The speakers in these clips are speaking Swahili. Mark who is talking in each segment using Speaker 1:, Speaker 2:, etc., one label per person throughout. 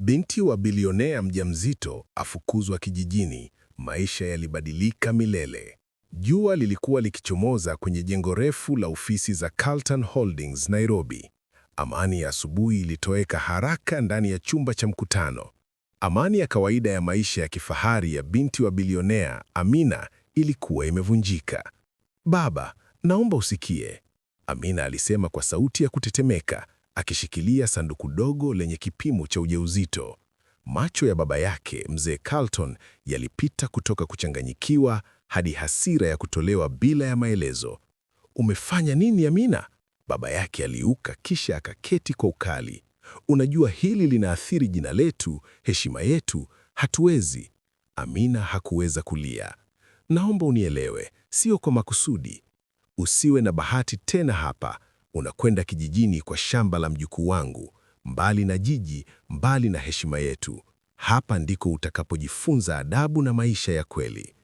Speaker 1: Binti wa bilionea mjamzito afukuzwa kijijini, maisha yalibadilika milele. Jua lilikuwa likichomoza kwenye jengo refu la ofisi za Carlton Holdings Nairobi. Amani ya asubuhi ilitoweka haraka ndani ya chumba cha mkutano. Amani ya kawaida ya maisha ya kifahari ya binti wa bilionea Amina ilikuwa imevunjika. Baba, naomba usikie, Amina alisema kwa sauti ya kutetemeka akishikilia sanduku dogo lenye kipimo cha ujauzito. Macho ya baba yake mzee Carlton yalipita kutoka kuchanganyikiwa hadi hasira ya kutolewa bila ya maelezo. Umefanya nini Amina? Baba yake aliuka kisha akaketi kwa ukali. Unajua hili linaathiri jina letu, heshima yetu, hatuwezi. Amina hakuweza kulia. Naomba unielewe, sio kwa makusudi. Usiwe na bahati tena hapa unakwenda kijijini kwa shamba la mjukuu wangu, mbali na jiji, mbali na heshima yetu. Hapa ndiko utakapojifunza adabu na maisha ya kweli.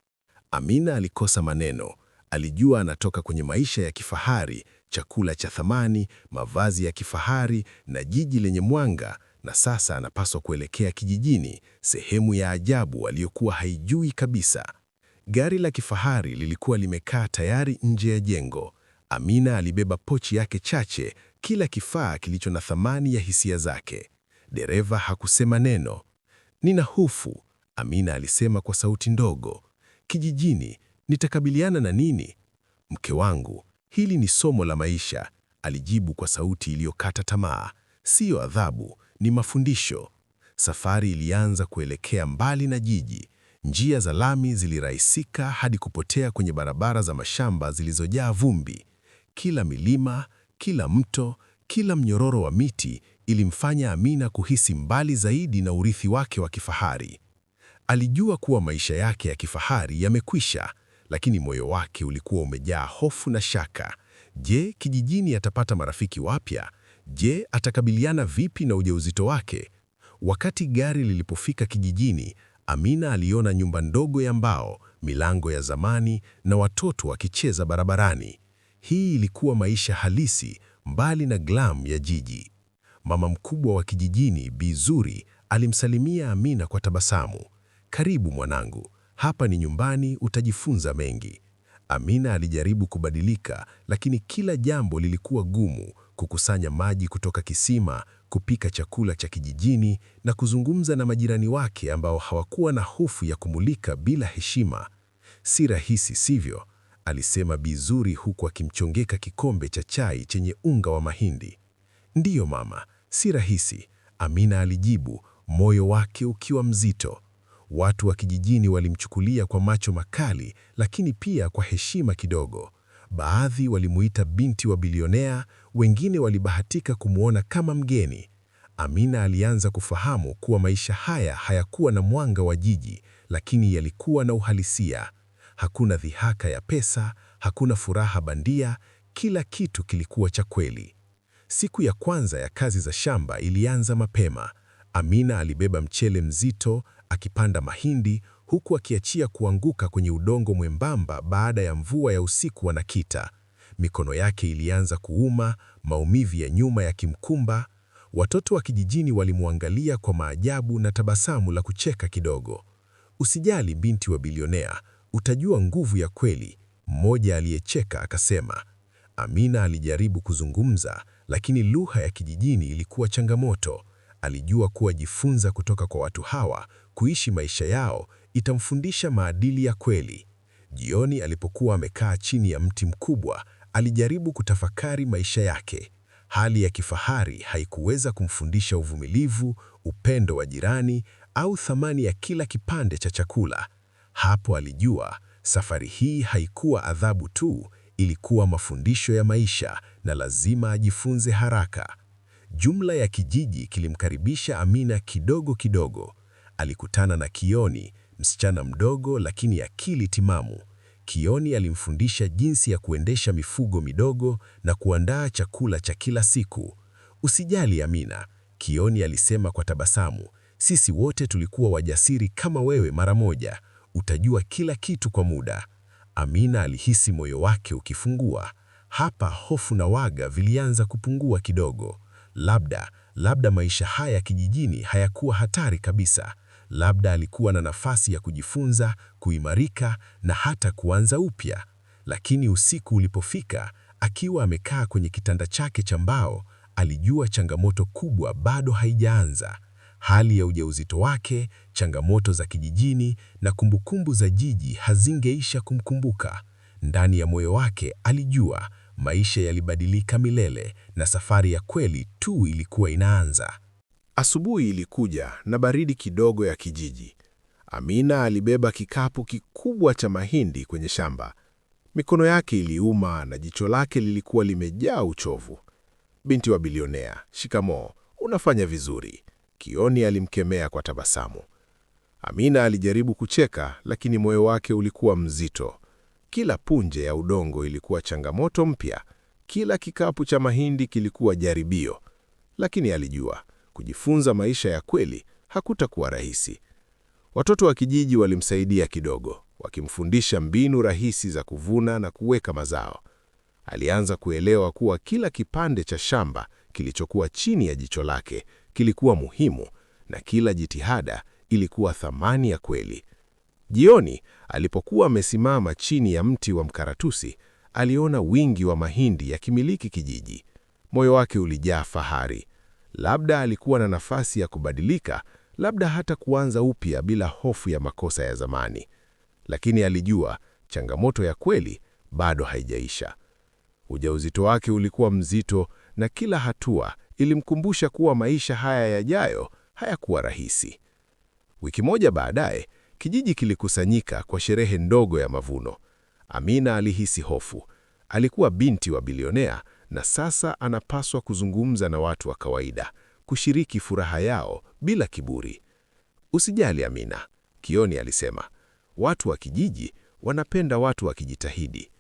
Speaker 1: Amina alikosa maneno. Alijua anatoka kwenye maisha ya kifahari, chakula cha thamani, mavazi ya kifahari na jiji lenye mwanga, na sasa anapaswa kuelekea kijijini, sehemu ya ajabu aliyokuwa haijui kabisa. Gari la kifahari lilikuwa limekaa tayari nje ya jengo. Amina alibeba pochi yake chache, kila kifaa kilicho na thamani ya hisia zake. Dereva hakusema neno. Nina hofu, Amina alisema kwa sauti ndogo. Kijijini nitakabiliana na nini? Mke wangu, hili ni somo la maisha, alijibu kwa sauti iliyokata tamaa. Siyo adhabu, ni mafundisho. Safari ilianza kuelekea mbali na jiji. Njia za lami zilirahisika hadi kupotea kwenye barabara za mashamba zilizojaa vumbi. Kila milima, kila mto, kila mnyororo wa miti ilimfanya Amina kuhisi mbali zaidi na urithi wake wa kifahari. Alijua kuwa maisha yake ya kifahari yamekwisha, lakini moyo wake ulikuwa umejaa hofu na shaka. Je, kijijini atapata marafiki wapya? Je, atakabiliana vipi na ujauzito wake? Wakati gari lilipofika kijijini, Amina aliona nyumba ndogo ya mbao, milango ya zamani na watoto wakicheza barabarani. Hii ilikuwa maisha halisi mbali na glam ya jiji. Mama mkubwa wa kijijini Bi Zuri alimsalimia Amina kwa tabasamu. Karibu mwanangu, hapa ni nyumbani, utajifunza mengi. Amina alijaribu kubadilika, lakini kila jambo lilikuwa gumu: kukusanya maji kutoka kisima, kupika chakula cha kijijini na kuzungumza na majirani wake ambao hawakuwa na hofu ya kumulika bila heshima. Si rahisi, sivyo? alisema Bizuri huku akimchongeka kikombe cha chai chenye unga wa mahindi. Ndiyo mama, si rahisi, Amina alijibu, moyo wake ukiwa mzito. Watu wa kijijini walimchukulia kwa macho makali, lakini pia kwa heshima kidogo. Baadhi walimuita binti wa bilionea, wengine walibahatika kumwona kama mgeni. Amina alianza kufahamu kuwa maisha haya hayakuwa na mwanga wa jiji, lakini yalikuwa na uhalisia hakuna dhihaka ya pesa, hakuna furaha bandia, kila kitu kilikuwa cha kweli. Siku ya kwanza ya kazi za shamba ilianza mapema. Amina alibeba mchele mzito akipanda mahindi huku akiachia kuanguka kwenye udongo mwembamba baada ya mvua ya usiku wa Nakita. Mikono yake ilianza kuuma, maumivu ya nyuma yakimkumba. Watoto wa kijijini walimwangalia kwa maajabu na tabasamu la kucheka kidogo. Usijali binti wa bilionea, utajua nguvu ya kweli. Mmoja aliyecheka akasema. Amina alijaribu kuzungumza, lakini lugha ya kijijini ilikuwa changamoto. Alijua kuwa jifunza kutoka kwa watu hawa, kuishi maisha yao, itamfundisha maadili ya kweli. Jioni alipokuwa amekaa chini ya mti mkubwa, alijaribu kutafakari maisha yake. Hali ya kifahari haikuweza kumfundisha uvumilivu, upendo wa jirani au thamani ya kila kipande cha chakula. Hapo alijua safari hii haikuwa adhabu tu, ilikuwa mafundisho ya maisha na lazima ajifunze haraka. Jumla ya kijiji kilimkaribisha Amina kidogo kidogo. Alikutana na Kioni, msichana mdogo lakini akili timamu. Kioni alimfundisha jinsi ya kuendesha mifugo midogo na kuandaa chakula cha kila siku. Usijali Amina, Kioni alisema kwa tabasamu, sisi wote tulikuwa wajasiri kama wewe mara moja utajua kila kitu kwa muda. Amina alihisi moyo wake ukifungua. Hapa hofu na waga vilianza kupungua kidogo. Labda, labda maisha haya kijijini hayakuwa hatari kabisa. Labda alikuwa na nafasi ya kujifunza, kuimarika na hata kuanza upya. Lakini usiku ulipofika, akiwa amekaa kwenye kitanda chake cha mbao, alijua changamoto kubwa bado haijaanza. Hali ya ujauzito wake, changamoto za kijijini na kumbukumbu za jiji hazingeisha kumkumbuka. Ndani ya moyo wake alijua maisha yalibadilika milele na safari ya kweli tu ilikuwa inaanza.
Speaker 2: Asubuhi ilikuja na baridi kidogo ya kijiji. Amina alibeba kikapu kikubwa cha mahindi kwenye shamba. Mikono yake iliuma na jicho lake lilikuwa limejaa uchovu. Binti wa bilionea, shikamoo, unafanya vizuri. Kioni alimkemea kwa tabasamu. Amina alijaribu kucheka, lakini moyo wake ulikuwa mzito. Kila punje ya udongo ilikuwa changamoto mpya, kila kikapu cha mahindi kilikuwa jaribio. Lakini alijua kujifunza maisha ya kweli hakutakuwa rahisi. Watoto wa kijiji walimsaidia kidogo, wakimfundisha mbinu rahisi za kuvuna na kuweka mazao. Alianza kuelewa kuwa kila kipande cha shamba kilichokuwa chini ya jicho lake kilikuwa muhimu na kila jitihada ilikuwa thamani ya kweli. Jioni alipokuwa amesimama chini ya mti wa mkaratusi, aliona wingi wa mahindi yakimiliki kijiji. Moyo wake ulijaa fahari. Labda alikuwa na nafasi ya kubadilika, labda hata kuanza upya bila hofu ya makosa ya zamani. Lakini alijua changamoto ya kweli bado haijaisha. Ujauzito wake ulikuwa mzito na kila hatua ilimkumbusha kuwa maisha haya yajayo hayakuwa rahisi. Wiki moja baadaye, kijiji kilikusanyika kwa sherehe ndogo ya mavuno. Amina alihisi hofu. Alikuwa binti wa bilionea na sasa anapaswa kuzungumza na watu wa kawaida, kushiriki furaha yao bila kiburi. Usijali Amina, Kioni alisema. Watu wa kijiji wanapenda watu wakijitahidi.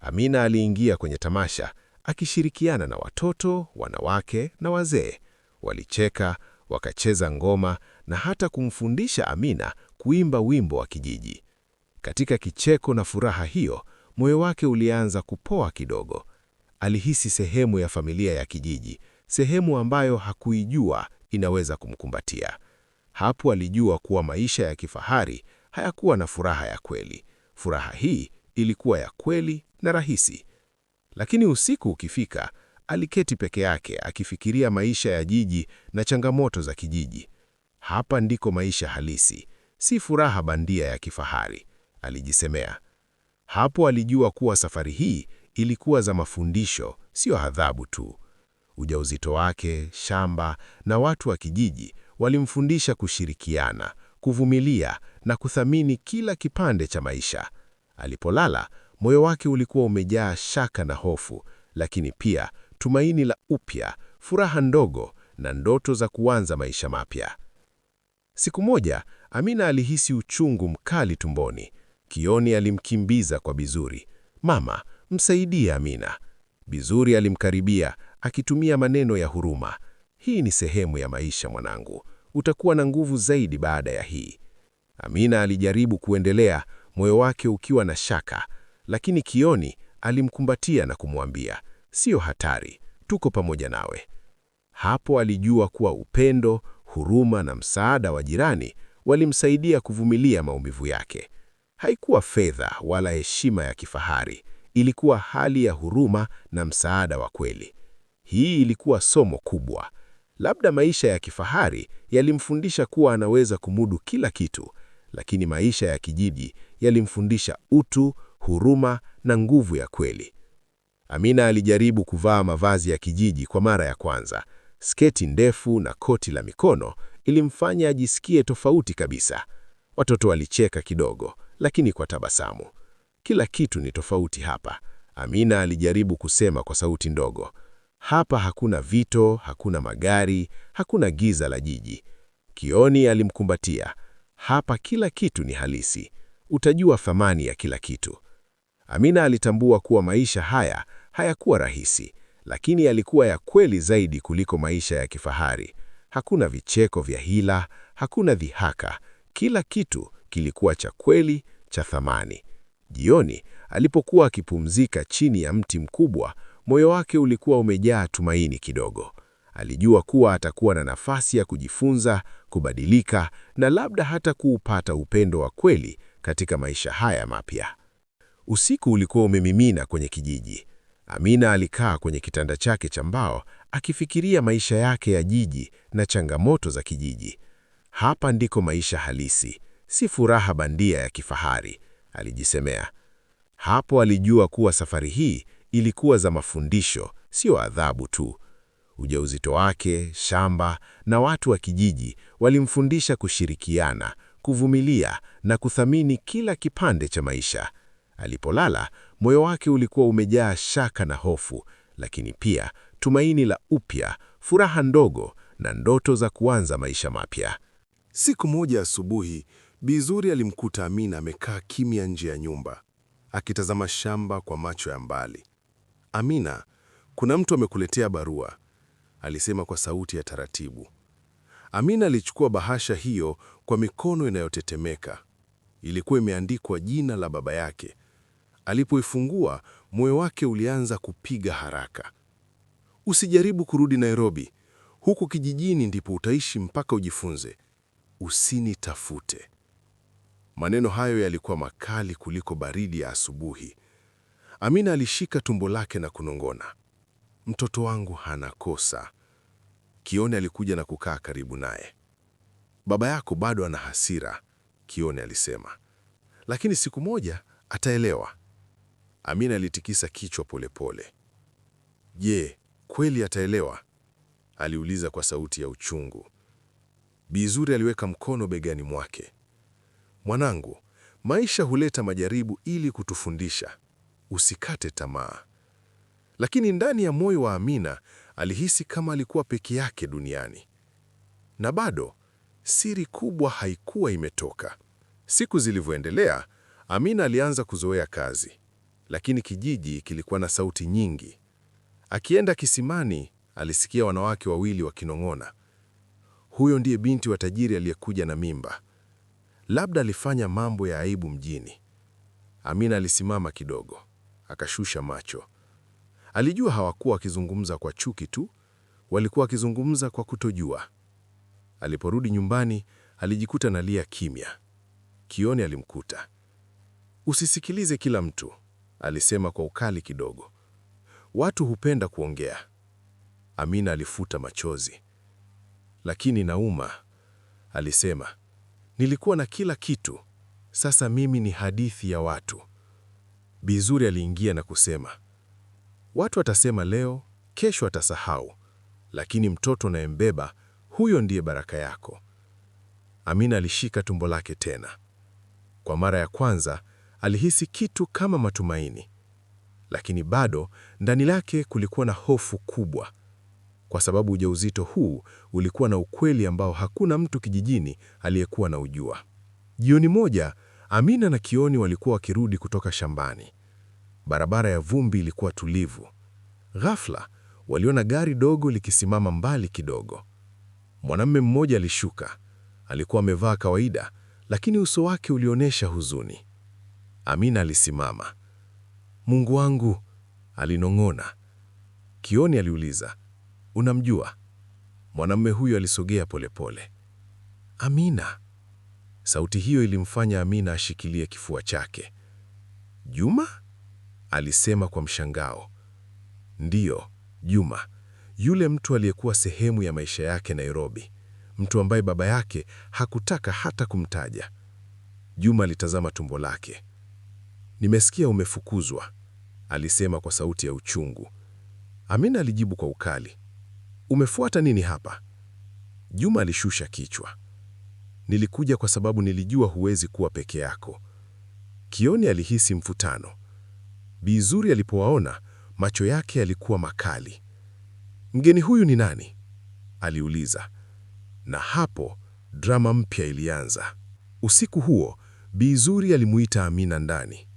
Speaker 2: Amina aliingia kwenye tamasha akishirikiana na watoto, wanawake na wazee. Walicheka, wakacheza ngoma na hata kumfundisha Amina kuimba wimbo wa kijiji. Katika kicheko na furaha hiyo, moyo wake ulianza kupoa kidogo. Alihisi sehemu ya familia ya kijiji, sehemu ambayo hakuijua inaweza kumkumbatia. Hapo alijua kuwa maisha ya kifahari hayakuwa na furaha ya kweli. Furaha hii ilikuwa ya kweli na rahisi. Lakini usiku ukifika, aliketi peke yake akifikiria maisha ya jiji na changamoto za kijiji. Hapa ndiko maisha halisi, si furaha bandia ya kifahari, alijisemea. Hapo alijua kuwa safari hii ilikuwa za mafundisho, sio adhabu tu. Ujauzito wake, shamba na watu wa kijiji walimfundisha kushirikiana, kuvumilia na kuthamini kila kipande cha maisha. Alipolala Moyo wake ulikuwa umejaa shaka na hofu, lakini pia tumaini la upya, furaha ndogo na ndoto za kuanza maisha mapya. Siku moja, Amina alihisi uchungu mkali tumboni. Kioni alimkimbiza kwa Bizuri, mama, msaidie Amina. Bizuri alimkaribia akitumia maneno ya huruma, hii ni sehemu ya maisha mwanangu, utakuwa na nguvu zaidi baada ya hii. Amina alijaribu kuendelea, moyo wake ukiwa na shaka, lakini Kioni alimkumbatia na kumwambia, sio hatari, tuko pamoja nawe. Hapo alijua kuwa upendo, huruma na msaada wa jirani walimsaidia kuvumilia maumivu yake. Haikuwa fedha wala heshima ya kifahari, ilikuwa hali ya huruma na msaada wa kweli. Hii ilikuwa somo kubwa. Labda maisha ya kifahari yalimfundisha kuwa anaweza kumudu kila kitu, lakini maisha ya kijiji yalimfundisha utu, huruma na nguvu ya kweli. Amina alijaribu kuvaa mavazi ya kijiji kwa mara ya kwanza. Sketi ndefu na koti la mikono ilimfanya ajisikie tofauti kabisa. Watoto walicheka kidogo, lakini kwa tabasamu. Kila kitu ni tofauti hapa, Amina alijaribu kusema kwa sauti ndogo. Hapa hakuna vito, hakuna magari, hakuna giza la jiji. Kioni alimkumbatia. Hapa kila kitu ni halisi. Utajua thamani ya kila kitu. Amina alitambua kuwa maisha haya hayakuwa rahisi, lakini yalikuwa ya kweli zaidi kuliko maisha ya kifahari. Hakuna vicheko vya hila, hakuna dhihaka. Kila kitu kilikuwa cha kweli, cha thamani. Jioni alipokuwa akipumzika chini ya mti mkubwa, moyo wake ulikuwa umejaa tumaini kidogo. Alijua kuwa atakuwa na nafasi ya kujifunza, kubadilika na labda hata kuupata upendo wa kweli katika maisha haya mapya. Usiku ulikuwa umemimina kwenye kijiji. Amina alikaa kwenye kitanda chake cha mbao akifikiria maisha yake ya jiji na changamoto za kijiji. Hapa ndiko maisha halisi, si furaha bandia ya kifahari, alijisemea. Hapo alijua kuwa safari hii ilikuwa za mafundisho, sio adhabu tu. Ujauzito wake, shamba na watu wa kijiji walimfundisha kushirikiana, kuvumilia na kuthamini kila kipande cha maisha. Alipolala, moyo wake ulikuwa umejaa shaka na hofu, lakini pia tumaini la upya, furaha ndogo na ndoto za kuanza maisha mapya.
Speaker 3: Siku moja asubuhi, Bizuri alimkuta Amina amekaa kimya nje ya nyumba, akitazama shamba kwa macho ya mbali. Amina, kuna mtu amekuletea barua, alisema kwa sauti ya taratibu. Amina alichukua bahasha hiyo kwa mikono inayotetemeka. Ilikuwa imeandikwa jina la baba yake, Alipoifungua, moyo wake ulianza kupiga haraka. Usijaribu kurudi Nairobi, huku kijijini ndipo utaishi mpaka ujifunze. Usinitafute. Maneno hayo yalikuwa makali kuliko baridi ya asubuhi. Amina alishika tumbo lake na kunongona, mtoto wangu hana kosa. Kione alikuja na kukaa karibu naye. Baba yako bado ana hasira, Kione alisema, lakini siku moja ataelewa. Amina alitikisa kichwa polepole. Je, kweli ataelewa? aliuliza kwa sauti ya uchungu. Bizuri aliweka mkono begani mwake. Mwanangu, maisha huleta majaribu ili kutufundisha. Usikate tamaa. Lakini ndani ya moyo wa Amina alihisi kama alikuwa peke yake duniani, na bado siri kubwa haikuwa imetoka. Siku zilivyoendelea, Amina alianza kuzoea kazi lakini kijiji kilikuwa na sauti nyingi. Akienda kisimani, alisikia wanawake wawili wakinong'ona, huyo ndiye binti wa tajiri aliyekuja na mimba, labda alifanya mambo ya aibu mjini. Amina alisimama kidogo, akashusha macho. Alijua hawakuwa wakizungumza kwa chuki tu, walikuwa wakizungumza kwa kutojua. Aliporudi nyumbani, alijikuta nalia kimya. Kioni alimkuta, usisikilize kila mtu, alisema kwa ukali kidogo. Watu hupenda kuongea. Amina alifuta machozi. Lakini nauma, alisema. Nilikuwa na kila kitu. Sasa mimi ni hadithi ya watu. Bizuri aliingia na kusema, watu watasema leo, kesho atasahau, lakini mtoto unayembeba huyo ndiye baraka yako. Amina alishika tumbo lake tena. Kwa mara ya kwanza alihisi kitu kama matumaini, lakini bado ndani lake kulikuwa na hofu kubwa, kwa sababu ujauzito huu ulikuwa na ukweli ambao hakuna mtu kijijini aliyekuwa na ujua. Jioni moja, Amina na Kioni walikuwa wakirudi kutoka shambani. Barabara ya vumbi ilikuwa tulivu. Ghafla waliona gari dogo likisimama mbali kidogo. Mwanamume mmoja alishuka. Alikuwa amevaa kawaida, lakini uso wake ulionyesha huzuni. Amina alisimama. Mungu wangu, alinong'ona. Kioni aliuliza, unamjua? Mwanamume huyo alisogea polepole. Amina. Sauti hiyo ilimfanya Amina ashikilie kifua chake. Juma? alisema kwa mshangao. Ndiyo, Juma. Yule mtu aliyekuwa sehemu ya maisha yake Nairobi, mtu ambaye baba yake hakutaka hata kumtaja. Juma alitazama tumbo lake. Nimesikia umefukuzwa, alisema kwa sauti ya uchungu. Amina alijibu kwa ukali, umefuata nini hapa? Juma alishusha kichwa. Nilikuja kwa sababu nilijua huwezi kuwa peke yako. Kioni alihisi mvutano. bizuri alipowaona, macho yake yalikuwa makali. Mgeni huyu ni nani? aliuliza. Na hapo drama mpya ilianza. Usiku huo bizuri alimuita Amina ndani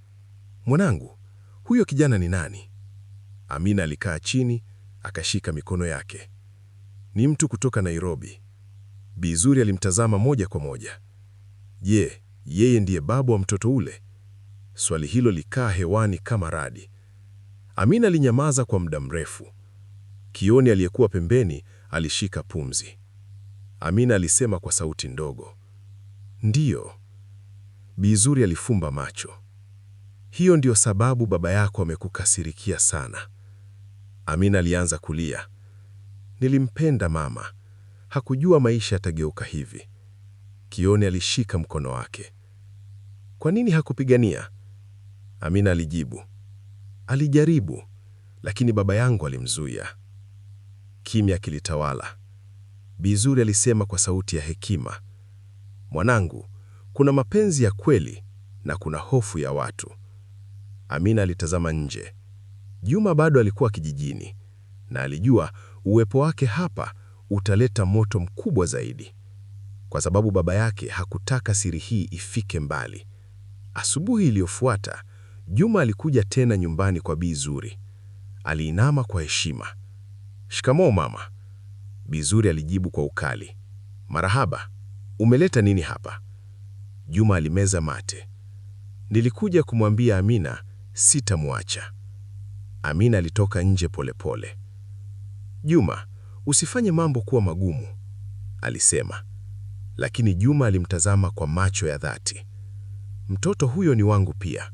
Speaker 3: mwanangu, huyo kijana ni nani? Amina alikaa chini akashika mikono yake. Ni mtu kutoka Nairobi. Bizuri alimtazama moja kwa moja. Je, yeye ndiye babu wa mtoto ule? Swali hilo likaa hewani kama radi. Amina alinyamaza kwa muda mrefu. Kioni aliyekuwa pembeni alishika pumzi. Amina alisema kwa sauti ndogo, ndiyo. Bizuri alifumba macho. Hiyo ndiyo sababu baba yako amekukasirikia sana. Amina alianza kulia. Nilimpenda mama, hakujua maisha yatageuka hivi. Kioni alishika mkono wake. Kwa nini hakupigania? Amina alijibu, alijaribu, lakini baba yangu alimzuia. Kimya kilitawala. Bizuri alisema kwa sauti ya hekima, mwanangu, kuna mapenzi ya kweli na kuna hofu ya watu. Amina alitazama nje. Juma bado alikuwa kijijini na alijua uwepo wake hapa utaleta moto mkubwa zaidi, kwa sababu baba yake hakutaka siri hii ifike mbali. Asubuhi iliyofuata Juma alikuja tena nyumbani kwa Bi Zuri. Aliinama kwa heshima. Shikamoo mama. Bi Zuri alijibu kwa ukali. Marahaba, umeleta nini hapa? Juma alimeza mate. Nilikuja kumwambia Amina sitamwacha. Amina alitoka nje polepole pole. Juma, usifanye mambo kuwa magumu, alisema, lakini Juma alimtazama kwa macho ya dhati. Mtoto huyo ni wangu pia,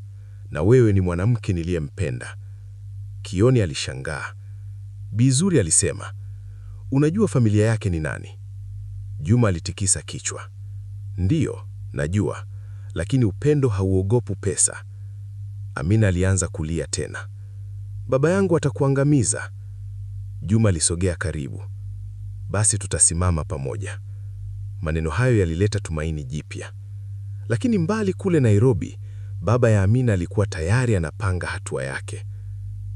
Speaker 3: na wewe ni mwanamke niliyempenda. Kioni alishangaa. Bizuri alisema, unajua familia yake ni nani? Juma alitikisa kichwa. Ndiyo, najua, lakini upendo hauogopu pesa. Amina alianza kulia tena. Baba yangu atakuangamiza. Juma alisogea karibu. Basi tutasimama pamoja. Maneno hayo yalileta tumaini jipya. Lakini mbali kule Nairobi, baba ya Amina alikuwa tayari anapanga hatua yake.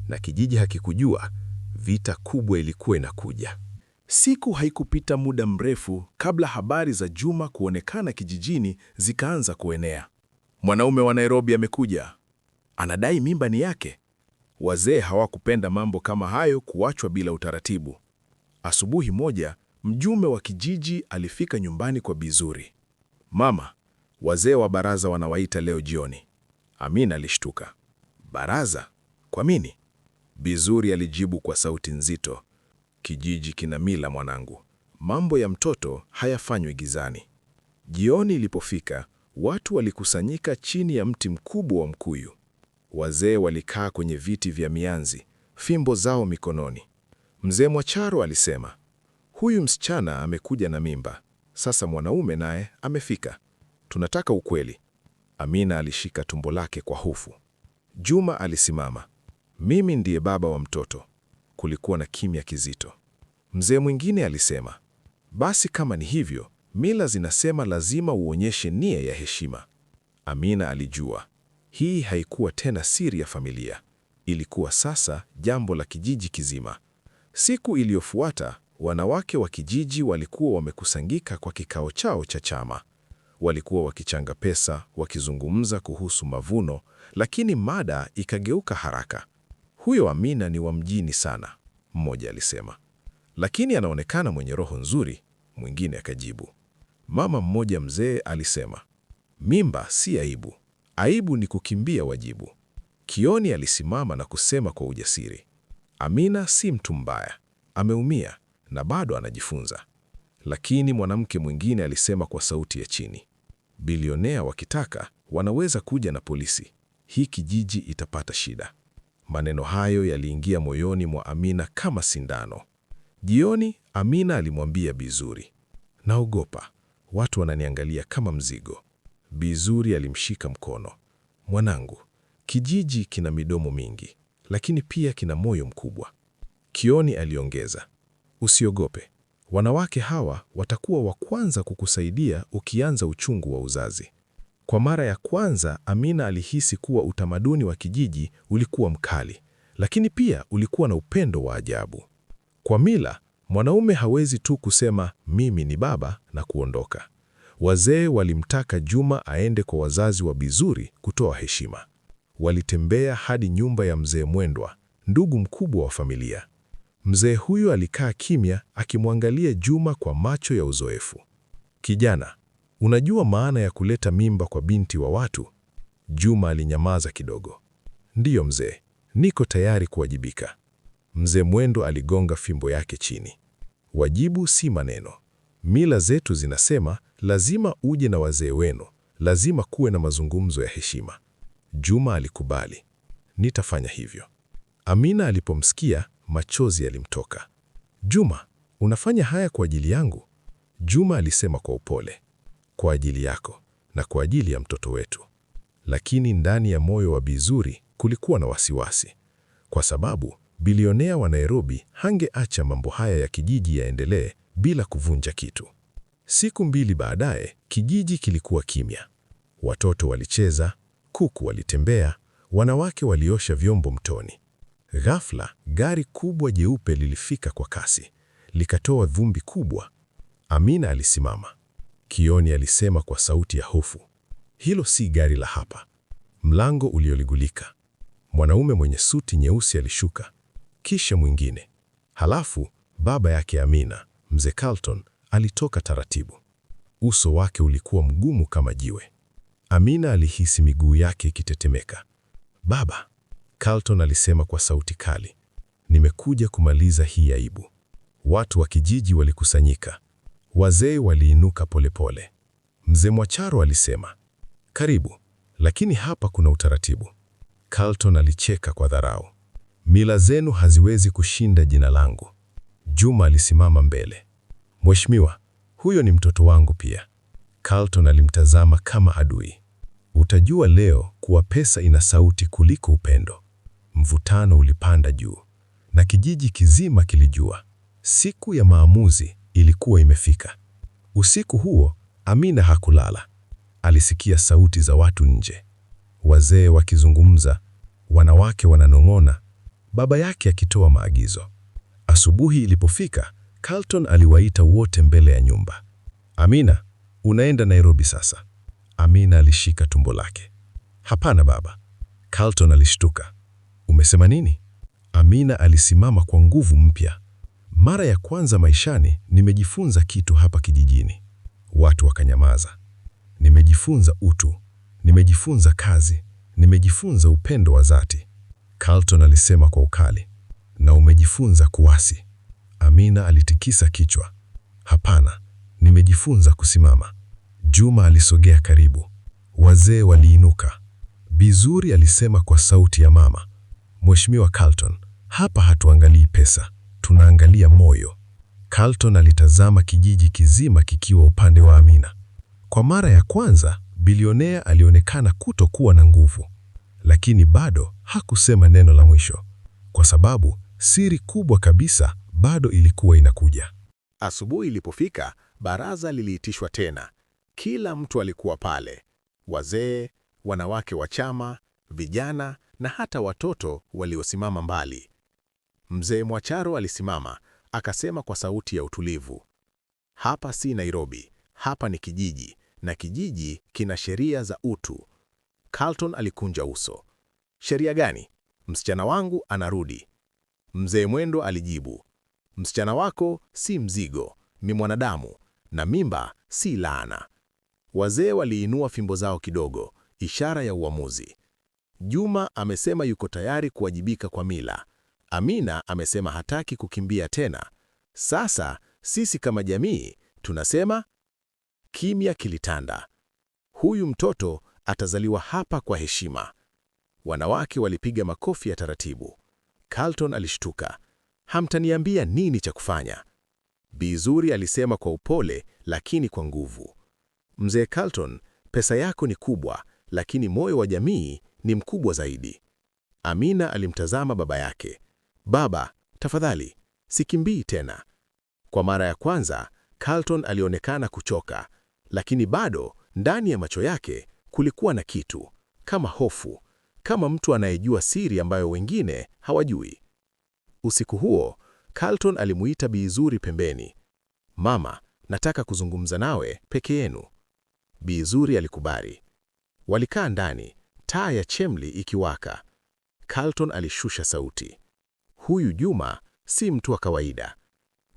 Speaker 3: Na kijiji hakikujua vita kubwa ilikuwa inakuja.
Speaker 4: Siku haikupita muda mrefu kabla habari za Juma kuonekana kijijini zikaanza kuenea. Mwanaume wa Nairobi amekuja anadai mimba ni yake. Wazee hawakupenda mambo kama hayo kuachwa bila utaratibu. Asubuhi moja, mjumbe wa kijiji alifika nyumbani kwa Bizuri. Mama, wazee wa baraza wanawaita leo jioni. Amina alishtuka. Baraza? Kwa nini? Bizuri alijibu kwa sauti nzito, kijiji kina mila mwanangu, mambo ya mtoto hayafanywi gizani. Jioni ilipofika, watu walikusanyika chini ya mti mkubwa wa mkuyu. Wazee walikaa kwenye viti vya mianzi, fimbo zao mikononi. Mzee Mwacharo alisema, huyu msichana amekuja na mimba, sasa mwanaume naye amefika, tunataka ukweli. Amina alishika tumbo lake kwa hofu. Juma alisimama, mimi ndiye baba wa mtoto. Kulikuwa na kimya kizito. Mzee mwingine alisema, basi kama ni hivyo, mila zinasema lazima uonyeshe nia ya heshima. Amina alijua hii haikuwa tena siri ya familia, ilikuwa sasa jambo la kijiji kizima. Siku iliyofuata, wanawake wa kijiji walikuwa wamekusangika kwa kikao chao cha chama. Walikuwa wakichanga pesa, wakizungumza kuhusu mavuno, lakini mada ikageuka haraka. Huyo Amina ni wa mjini sana, mmoja alisema, lakini anaonekana mwenye roho nzuri, mwingine akajibu. Mama mmoja mzee alisema, mimba si aibu, Aibu ni kukimbia wajibu. Kioni alisimama na kusema kwa ujasiri, Amina si mtu mbaya, ameumia na bado anajifunza. Lakini mwanamke mwingine alisema kwa sauti ya chini, bilionea wakitaka wanaweza kuja na polisi, hii kijiji itapata shida. Maneno hayo yaliingia moyoni mwa Amina kama sindano. Jioni Amina alimwambia Bizuri, naogopa, watu wananiangalia kama mzigo. Bizuri alimshika mkono. Mwanangu, kijiji kina midomo mingi, lakini pia kina moyo mkubwa. Kioni aliongeza, usiogope, wanawake hawa watakuwa wa kwanza kukusaidia ukianza uchungu wa uzazi. Kwa mara ya kwanza Amina alihisi kuwa utamaduni wa kijiji ulikuwa mkali, lakini pia ulikuwa na upendo wa ajabu. Kwa mila, mwanaume hawezi tu kusema mimi ni baba na kuondoka. Wazee walimtaka Juma aende kwa wazazi wa Bizuri kutoa heshima. Walitembea hadi nyumba ya mzee Mwendwa, ndugu mkubwa wa familia. Mzee huyo alikaa kimya akimwangalia Juma kwa macho ya uzoefu. Kijana, unajua maana ya kuleta mimba kwa binti wa watu? Juma alinyamaza kidogo. Ndiyo mzee, niko tayari kuwajibika. Mzee Mwendwa aligonga fimbo yake chini. Wajibu si maneno, Mila zetu zinasema lazima uje na wazee wenu, lazima kuwe na mazungumzo ya heshima. Juma alikubali, nitafanya hivyo. Amina alipomsikia, machozi yalimtoka. Juma, unafanya haya kwa ajili yangu? Juma alisema kwa upole, kwa ajili yako na kwa ajili ya mtoto wetu. Lakini ndani ya moyo wa Bizuri kulikuwa na wasiwasi, kwa sababu bilionea wa Nairobi hangeacha mambo haya ya kijiji yaendelee bila kuvunja kitu. Siku mbili baadaye, kijiji kilikuwa kimya. Watoto walicheza, kuku walitembea, wanawake waliosha vyombo mtoni. Ghafla, gari kubwa jeupe lilifika kwa kasi, likatoa vumbi kubwa. Amina alisimama. Kioni alisema kwa sauti ya hofu, hilo si gari la hapa. Mlango ulioligulika, mwanaume mwenye suti nyeusi alishuka, kisha mwingine, halafu baba yake Amina. Mzee Carlton alitoka taratibu. Uso wake ulikuwa mgumu kama jiwe. Amina alihisi miguu yake ikitetemeka. Baba, Carlton alisema kwa sauti kali, nimekuja kumaliza hii aibu. Watu wa kijiji walikusanyika, wazee waliinuka polepole. Mzee Mwacharo alisema, karibu, lakini hapa kuna utaratibu. Carlton alicheka kwa dharau, mila zenu haziwezi kushinda jina langu. Juma alisimama mbele. Mheshimiwa, huyo ni mtoto wangu pia. Carlton alimtazama kama adui. Utajua leo kuwa pesa ina sauti kuliko upendo. Mvutano ulipanda juu na kijiji kizima kilijua. Siku ya maamuzi ilikuwa imefika. Usiku huo Amina hakulala. Alisikia sauti za watu nje, wazee wakizungumza, wanawake wananong'ona, baba yake akitoa maagizo. Asubuhi ilipofika, Carlton aliwaita wote mbele ya nyumba. Amina, unaenda Nairobi sasa? Amina alishika tumbo lake. Hapana baba. Carlton alishtuka. Umesema nini? Amina alisimama kwa nguvu mpya. Mara ya kwanza maishani nimejifunza kitu hapa kijijini. Watu wakanyamaza. Nimejifunza utu, nimejifunza kazi, nimejifunza upendo wa dhati. Carlton alisema kwa ukali na umejifunza kuasi? Amina alitikisa kichwa. Hapana, nimejifunza kusimama. Juma alisogea karibu. Wazee waliinuka. Bizuri alisema kwa sauti ya mama, Mheshimiwa Carlton, hapa hatuangalii pesa, tunaangalia moyo. Carlton alitazama kijiji kizima kikiwa upande wa Amina. Kwa mara ya kwanza, bilionea alionekana kutokuwa na nguvu, lakini bado hakusema neno la mwisho, kwa sababu Siri kubwa kabisa bado ilikuwa inakuja.
Speaker 2: Asubuhi ilipofika, baraza liliitishwa tena. Kila mtu alikuwa pale, wazee, wanawake wa chama, vijana na hata watoto waliosimama mbali. Mzee Mwacharo alisimama akasema kwa sauti ya utulivu, hapa si Nairobi, hapa ni kijiji, na kijiji kina sheria za utu. Carlton alikunja uso. sheria gani? Msichana wangu anarudi, Mzee Mwendo alijibu, msichana wako si mzigo, ni mwanadamu, na mimba si laana. Wazee waliinua fimbo zao kidogo, ishara ya uamuzi. Juma amesema yuko tayari kuwajibika kwa mila. Amina amesema hataki kukimbia tena. Sasa sisi kama jamii tunasema... Kimya kilitanda. Huyu mtoto atazaliwa hapa kwa heshima. Wanawake walipiga makofi ya taratibu. Carlton alishtuka. Hamtaniambia nini cha kufanya? Bizuri alisema kwa upole lakini kwa nguvu. Mzee Carlton, pesa yako ni kubwa, lakini moyo wa jamii ni mkubwa zaidi. Amina alimtazama baba yake. Baba, tafadhali, sikimbii tena. Kwa mara ya kwanza, Carlton alionekana kuchoka, lakini bado ndani ya macho yake kulikuwa na kitu kama hofu, kama mtu anayejua siri ambayo wengine hawajui. Usiku huo Carlton alimuita Bi Zuri pembeni. Mama, nataka kuzungumza nawe peke yenu. Bi Zuri alikubali. Walikaa ndani, taa ya chemli ikiwaka. Carlton alishusha sauti. Huyu Juma si mtu wa kawaida.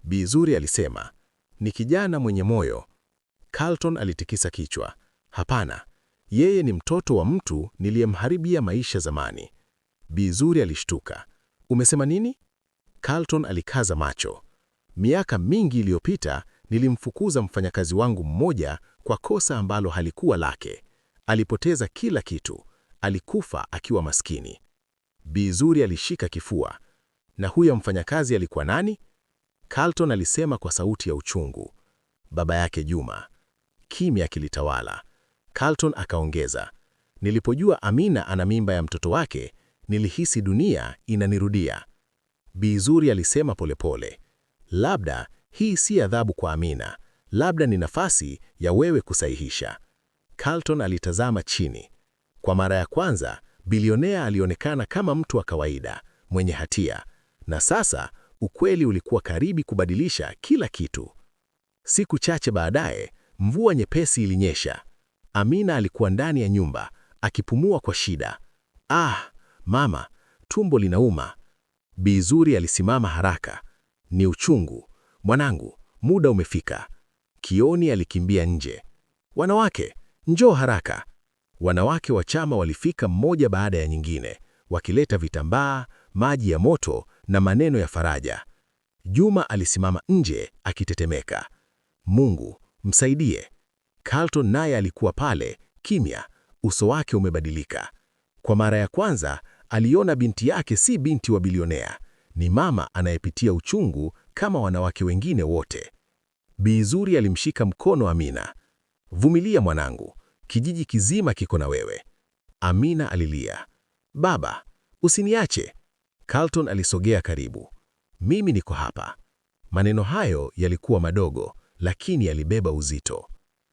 Speaker 2: Bi Zuri alisema, ni kijana mwenye moyo. Carlton alitikisa kichwa. Hapana, yeye ni mtoto wa mtu niliyemharibia maisha zamani. Bizuri alishtuka. Umesema nini? Carlton alikaza macho. Miaka mingi iliyopita nilimfukuza mfanyakazi wangu mmoja kwa kosa ambalo halikuwa lake. Alipoteza kila kitu, alikufa akiwa maskini. Bizuri alishika kifua. Na huyo mfanyakazi alikuwa nani? Carlton alisema kwa sauti ya uchungu, baba yake Juma. Kimya kilitawala. Carlton akaongeza, nilipojua Amina ana mimba ya mtoto wake, nilihisi dunia inanirudia. bizuri alisema polepole, labda hii si adhabu kwa Amina, labda ni nafasi ya wewe kusahihisha. Carlton alitazama chini. Kwa mara ya kwanza, bilionea alionekana kama mtu wa kawaida mwenye hatia, na sasa ukweli ulikuwa karibu kubadilisha kila kitu. Siku chache baadaye, mvua nyepesi ilinyesha. Amina alikuwa ndani ya nyumba akipumua kwa shida. Ah, mama, tumbo linauma. Bizuri alisimama haraka. Ni uchungu mwanangu, muda umefika. Kioni alikimbia nje. Wanawake, njoo haraka! Wanawake wa chama walifika mmoja baada ya nyingine, wakileta vitambaa, maji ya moto na maneno ya faraja. Juma alisimama nje akitetemeka. Mungu msaidie, Carlton naye alikuwa pale kimya, uso wake umebadilika. Kwa mara ya kwanza aliona binti yake si binti wa bilionea, ni mama anayepitia uchungu kama wanawake wengine wote. Bi Zuri alimshika mkono Amina. Vumilia mwanangu, kijiji kizima kiko na wewe. Amina alilia, baba, usiniache. Carlton alisogea karibu. Mimi niko hapa. Maneno hayo yalikuwa madogo, lakini yalibeba uzito.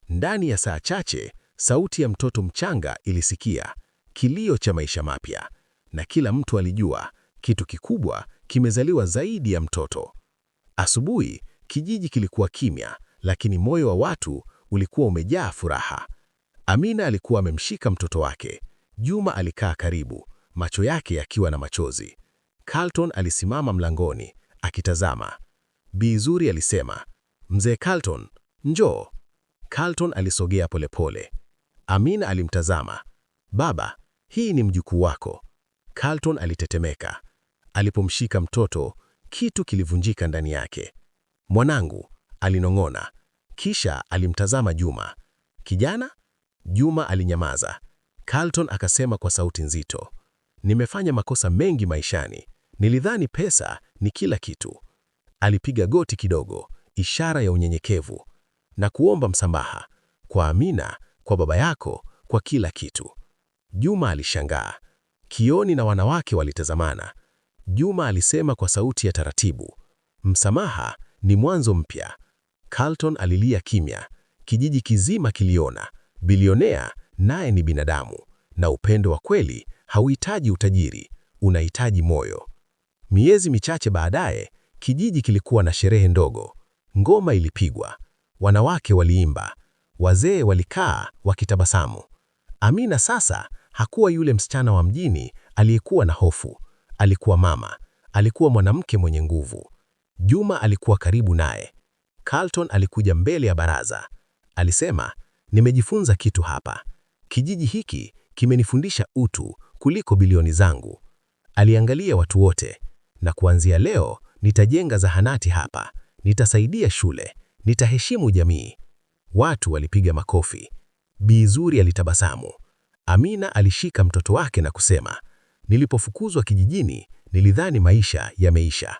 Speaker 2: Ndani ya saa chache, sauti ya mtoto mchanga ilisikia, kilio cha maisha mapya, na kila mtu alijua kitu kikubwa kimezaliwa zaidi ya mtoto. Asubuhi kijiji kilikuwa kimya, lakini moyo wa watu ulikuwa umejaa furaha. Amina alikuwa amemshika mtoto wake. Juma alikaa karibu, macho yake yakiwa na machozi. Carlton alisimama mlangoni akitazama. Bi Zuri alisema, mzee Carlton, njoo. Carlton alisogea polepole. Amina alimtazama. Baba, hii ni mjukuu wako. Carlton alitetemeka. Alipomshika mtoto, kitu kilivunjika ndani yake. Mwanangu, alinong'ona. Kisha alimtazama Juma. Kijana? Juma alinyamaza. Carlton akasema kwa sauti nzito, nimefanya makosa mengi maishani. Nilidhani pesa ni kila kitu. Alipiga goti kidogo, ishara ya unyenyekevu na kuomba msamaha kwa Amina, kwa baba yako, kwa kila kitu. Juma alishangaa. Kioni na wanawake walitazamana. Juma alisema kwa sauti ya taratibu, msamaha ni mwanzo mpya. Carlton alilia kimya. Kijiji kizima kiliona, bilionea naye ni binadamu, na upendo wa kweli hauhitaji utajiri, unahitaji moyo. Miezi michache baadaye, kijiji kilikuwa na sherehe ndogo. Ngoma ilipigwa, Wanawake waliimba, wazee walikaa wakitabasamu. Amina sasa hakuwa yule msichana wa mjini aliyekuwa na hofu. Alikuwa mama, alikuwa mwanamke mwenye nguvu. Juma alikuwa karibu naye. Carlton alikuja mbele ya baraza. Alisema, nimejifunza kitu hapa. Kijiji hiki kimenifundisha utu kuliko bilioni zangu. Aliangalia watu wote, na kuanzia leo nitajenga zahanati hapa, nitasaidia shule, Nitaheshimu jamii. Watu walipiga makofi. Bi Zuri alitabasamu. Amina alishika mtoto wake na kusema, nilipofukuzwa kijijini nilidhani maisha yameisha.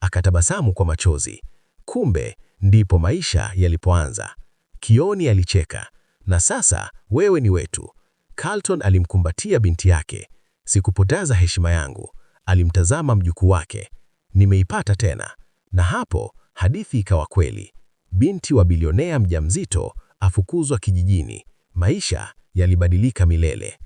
Speaker 2: Akatabasamu kwa machozi. Kumbe ndipo maisha yalipoanza. Kioni alicheka. Na sasa wewe ni wetu. Carlton alimkumbatia binti yake. Sikupoteza heshima yangu. Alimtazama mjukuu wake. Nimeipata tena. Na hapo hadithi ikawa kweli. Binti wa bilionea mjamzito afukuzwa kijijini. Maisha yalibadilika milele.